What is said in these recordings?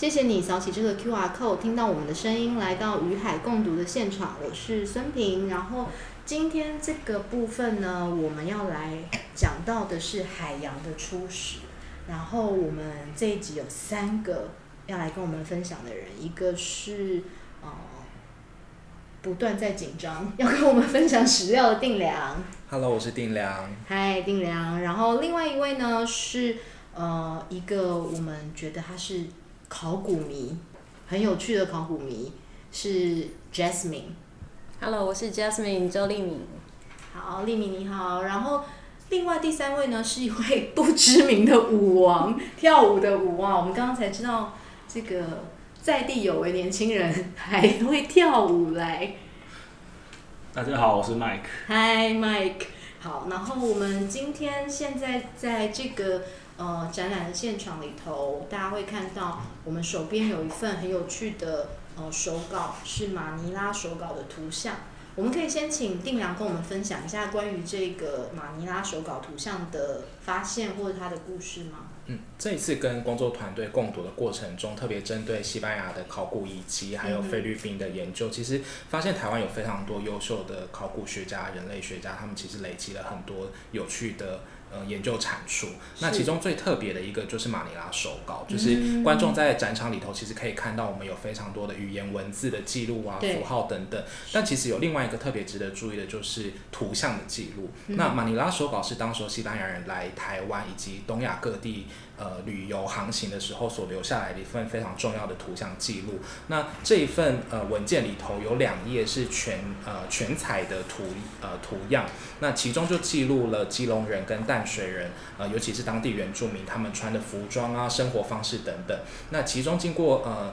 謝謝你掃起這個 QR code，聽到我們的聲音，來到與海共讀的現場，我是孫平。然後今天這個部分呢，我們要來講到的是海洋的初始。然後我們這一集有三個要來跟我們分享的人，一個是呃不斷在緊張要跟我們分享史料的定良。Hello，我是定良。嗨，定良。然後另外一位呢是呃一個我們覺得他是。考古迷，很有趣的考古迷、嗯、是 Jasmine。Hello，我是 Jasmine 周麗敏。好，麗敏你好。然後另外第三位呢是一位不知名的舞王，跳舞的舞啊。 我們剛剛才知道這個在地有位年輕人還會跳舞來。大家好，我是 Mike。Hi，Mike。好，然後我們今天現在在這個呃展覽的現場裡頭，大家會看到我們手邊有一份很有趣的呃手稿，是馬尼拉手稿的圖像。我們可以先請定良跟我們分享一下關於這個馬尼拉手稿圖像的發現或者它的故事嗎？嗯，這一次跟工作團隊共讀的過程中，特別針對西班牙的考古以及還有菲律賓的研究，嗯，其實發現台灣有非常多優秀的考古學家、人類學家，他們其實累積了很多有趣的。呃、嗯，研究產出。那其中最特別的一個就是馬尼拉手稿，是就是觀眾在展場裡頭其實可以看到，我們有非常多的語言文字的記錄啊，符號等等。但其實有另外一個特別值得注意的，就是圖像的記錄，嗯。那馬尼拉手稿是當時候西班牙人來台灣以及東亞各地呃旅遊航行的時候所留下來的一份非常重要的圖像記錄。那這一份呃文件裡頭有兩頁是全呃全彩的圖呃圖樣，那其中就記錄了基隆人跟淡淡水人呃，尤其是當地原住民，他們穿的服裝啊、生活方式等等。那其中經過呃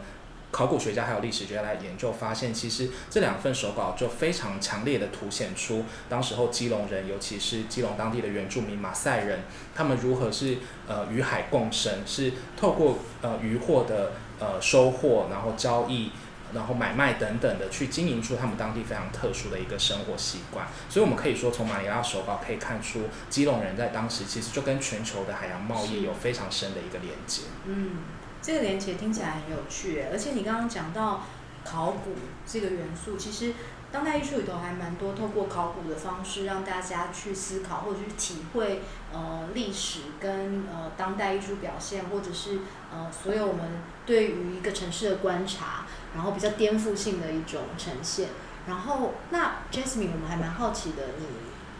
考古學家還有歷史學家來研究，發現其實這兩份手稿就非常強烈的凸顯出當時候基隆人，尤其是基隆當地的原住民馬賽人，他們如何是呃與海共生，是透過呃漁獲的呃收穫，然後交易，然後買賣等等的去經營出他們當地非常特殊的一個生活習慣，所以我們可以說從馬尼拉手稿可以看出，基隆人在當時其實就跟全球的海洋貿易有非常深的一個連接。嗯，這個連接聽起來很有趣，而且你剛剛講到考古這個元素，其實。當代藝術裡頭還蠻多，透過考古的方式讓大家去思考或者去體會，呃，歷史跟呃當代藝術表現，或者是呃所有我們對於一個城市的觀察，然後比較顛覆性的一種呈現。然後那 Jasmine，我們還蠻好奇的，你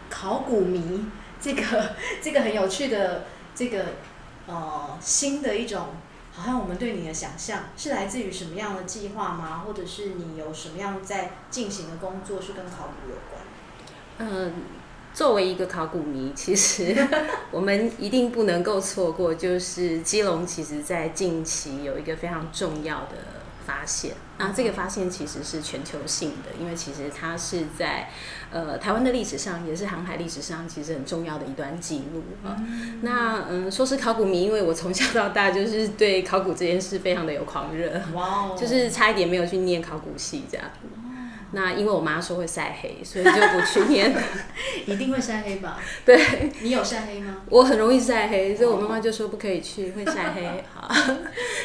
考古迷這個這個很有趣的這個呃新的一種。好像我們對你的想象是來自於什麼樣的計劃嗎？或者是你有什麼樣在進行的工作是跟考古有關？嗯，作為一個考古迷，其實我們一定不能夠錯過，就是基隆其實在近期有一個非常重要的。發現啊，那這個發現其實是全球性的，因為其實它是在，呃，台灣的歷史上也是航海歷史上其實很重要的一段記錄啊、呃嗯。那嗯，說是考古迷，因為我從小到大就是對考古這件事非常的有狂熱，哦、就是差一點沒有去念考古系這樣。那因為我媽說會曬黑，所以就不去念 一定會曬黑吧？對，你有曬黑嗎？我很容易曬黑，所以我媽媽就說不可以去，wow. 會曬黑。好，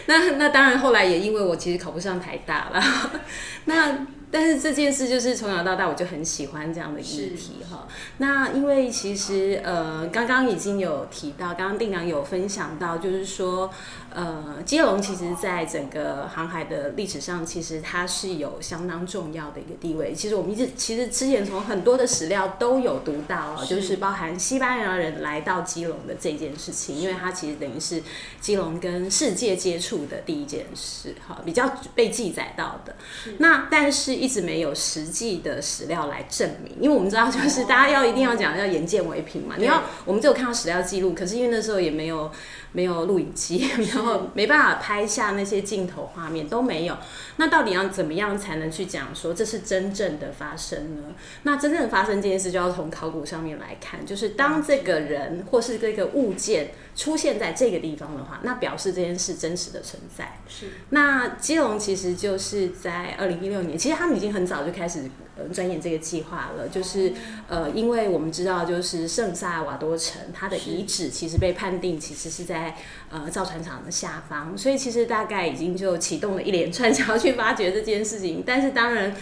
那那當然，後來也因為我其實考不上台大了。 那但是這件事就是從小到大我就很喜歡這樣的議題哈、哦。那因為其實呃，剛剛已經有提到，剛剛定良有分享到，就是說。呃，基隆其實，在整個航海的歷史上，其實它是有相當重要的一個地位。其實我們一直，其實之前從很多的史料都有讀到啊，就是包含西班牙人來到基隆的這件事情，因為它其實等於是基隆跟世界接觸的第一件事哈，比較被記載到的。那但是一直沒有實際的史料來證明，因為我們知道就是大家要一定要講要眼見為憑嘛，你要我們就有看到史料記錄，可是因為那時候也沒有。沒有錄影機，然後沒辦法拍下那些鏡頭畫面都沒有。那到底要怎麼樣才能去講說這是真正的發生呢？那真正的發生這件事就要從考古上面來看，就是當這個人或是這個物件出現在這個地方的話，那表示這件事真實的存在。是。那基隆其實就是在二零一六年，其實他們已經很早就開始。呃，專研這個計劃了，就是呃，因為我們知道，就是聖薩爾瓦多城它的遺址其實被判定其實是在是呃造船廠的下方，所以其實大概已經就啟動了一連串想要去發掘這件事情，但是當然。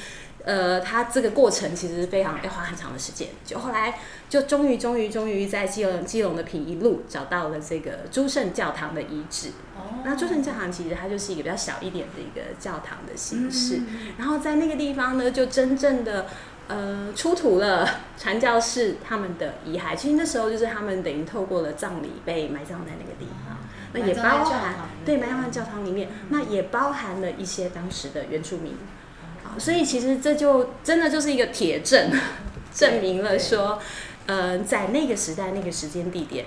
呃，它這個過程其實是非常要、欸、花很長的時間，就後來就終於終於終於在基隆基隆的平一路找到了這個諸聖教堂的遺址。哦、oh，那諸聖教堂其實它就是一個比較小一點的一個教堂的形式。Mm -hmm. 然後在那個地方呢，就真正的呃出土了傳教士他們的遺骸。其實那時候就是他們等於透過了葬禮被埋葬在那個地方。Oh, 那也包含、哦、對，埋葬在教堂裡面，mm -hmm. 那也包含了一些當時的原住民。哦、所以其實這就真的就是一個鐵證，證明了說，呃，在那個時代、那個時間、地點，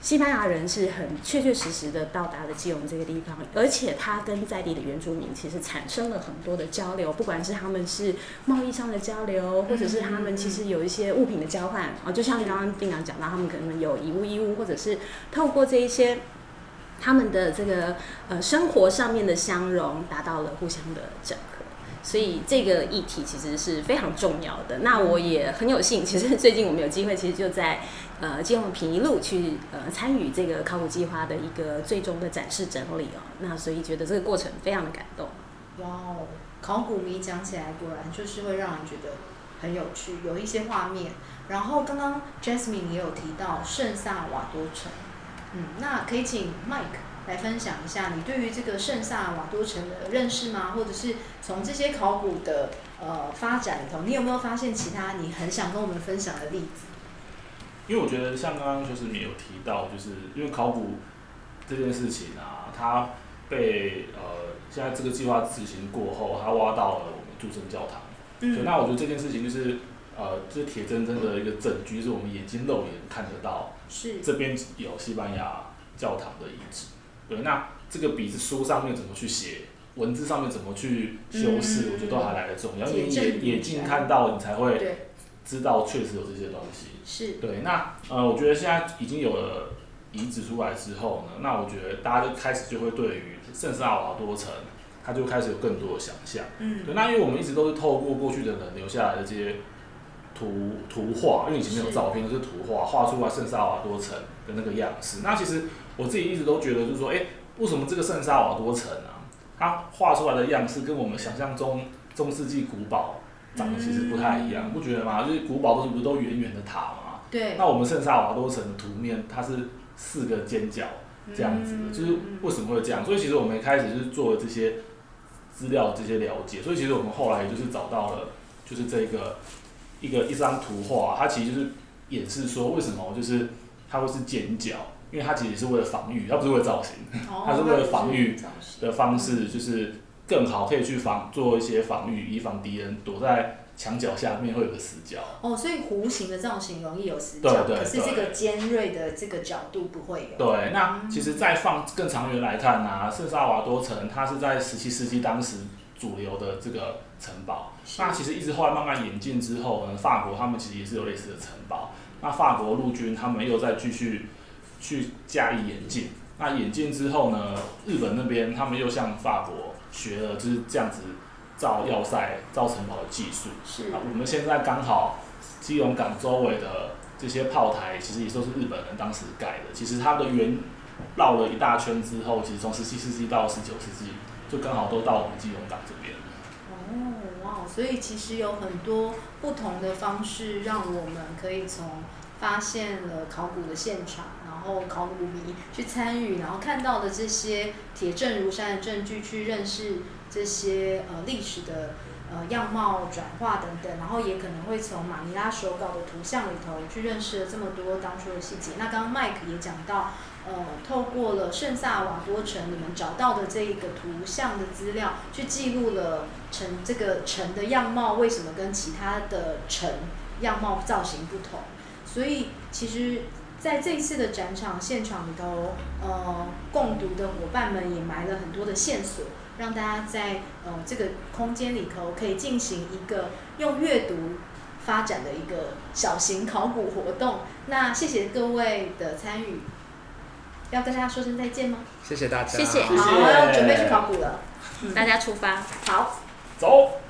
西班牙人是很確確實實的到達了基隆這個地方，而且他跟在地的原住民其實產生了很多的交流，不管是他們是貿易上的交流，或者是他們其實有一些物品的交換、嗯嗯，哦，就像你剛剛丁郎講到，他們可能有以物易物，或者是透過這一些他們的這個呃生活上面的相融，達到了互相的整合。所以這個議題其實是非常重要的。那我也很有幸，其實最近我們有機會，其實就在呃金黃平一路去呃參與這個考古計劃的一個最終的展示整理哦。那所以覺得這個過程非常的感動。哇、wow，考古迷講起來果然就是會讓人覺得很有趣，有一些畫面。然後剛剛 Jasmine 也有提到聖薩瓦多城，嗯，那可以請 Mike。來分享一下你對於這個聖薩爾瓦多城的認識嗎？或者是從這些考古的呃發展裡頭，你有沒有發現其他你很想跟我們分享的例子？因為我覺得像剛剛就是你有提到，就是因為考古這件事情啊，它被呃現在這個計劃執行過後，它挖到了我們諸聖教堂。嗯。所以那我覺得這件事情就是呃，這、就是、鐵錚錚的一個證據、就是我們眼睛肉眼看得到，是這邊有西班牙教堂的遺址。對，那這個筆是書上面怎麼去寫，文字上面怎麼去修飾、嗯，我覺得都還來得重要。因為，你眼眼睛看到，看到你才會知道確實有這些東西。對，是對。那呃，我覺得現在已經有了遺址出來之後呢，那我覺得大家就開始就會對於聖薩爾瓦多城，他就開始有更多的想象。嗯，對。那因為我們一直都是透過過去的人留下來的這些。圖圖畫，因為以前沒有照片，都是，就是圖畫畫出來聖薩瓦多城的那個樣式。那其實我自己一直都覺得，就是說，哎、欸，為什麼這個聖薩瓦多城啊，它畫出來的樣式跟我們想象中中世紀古堡長得其實不太一樣、嗯，不覺得嗎？就是古堡都是不是都圓圓的塔嘛？對。那我們聖薩瓦多城的圖面，它是四個尖角這樣子的、嗯，就是為什麼會這樣？所以其實我們一開始就是做了這些資料這些了解，所以其實我們後來就是找到了，就是這個。一個一張圖畫、啊，它其實就是演示說為什麼就是它會是尖角，因為它其實是為了防禦，它不是為了造型，哦、它是為了防禦的方式，就是更好可以去防做一些防禦，以防敵人躲在牆角下面會有個死角。哦，所以弧形的造型容易有死角，對對對，可是這個尖銳的這個角度不會有。對，那其實再放更長遠來看呢、啊，聖薩瓦多城它是在十七世紀當時。主流的這個城堡，那其實一直後來慢慢演進之後呢，法國他們其實也是有類似的城堡。那法國陸軍他們又再繼續去加以演進。那演進之後呢，日本那邊他們又向法國學了，就是這樣子造要塞、造城堡的技術。是，我們現在剛好基隆港周圍的這些炮台，其實也都是日本人當時蓋的。其實它的圓繞了一大圈之後，其實從十七世紀到十九世紀。就剛好都到我們基隆港這邊。哦，哇！所以其實有很多不同的方式，讓我們可以從發現了考古的現場，然後考古迷去參與，然後看到的這些鐵證如山的證據，去認識這些呃歷史的樣貌轉化等等，然後也可能會從馬尼拉手稿的圖像裡頭去認識了這麼多當初的細節。那剛剛 Mike 也講到。呃，透過了聖薩爾瓦多城，你們找到的這一個圖像的資料，去記錄了城這個城的樣貌，為什麼跟其他的城樣貌造型不同？所以，其實在這次的展場現場裡頭，呃，共讀的夥伴們也埋了很多的線索，讓大家在呃這個空間裡頭可以進行一個用閱讀發展的一個小型考古活動。那謝謝各位的參與。要跟大家說聲再見嗎？謝謝大家，謝謝，好，我要準備去考古了，嗯，大家出發，好，走。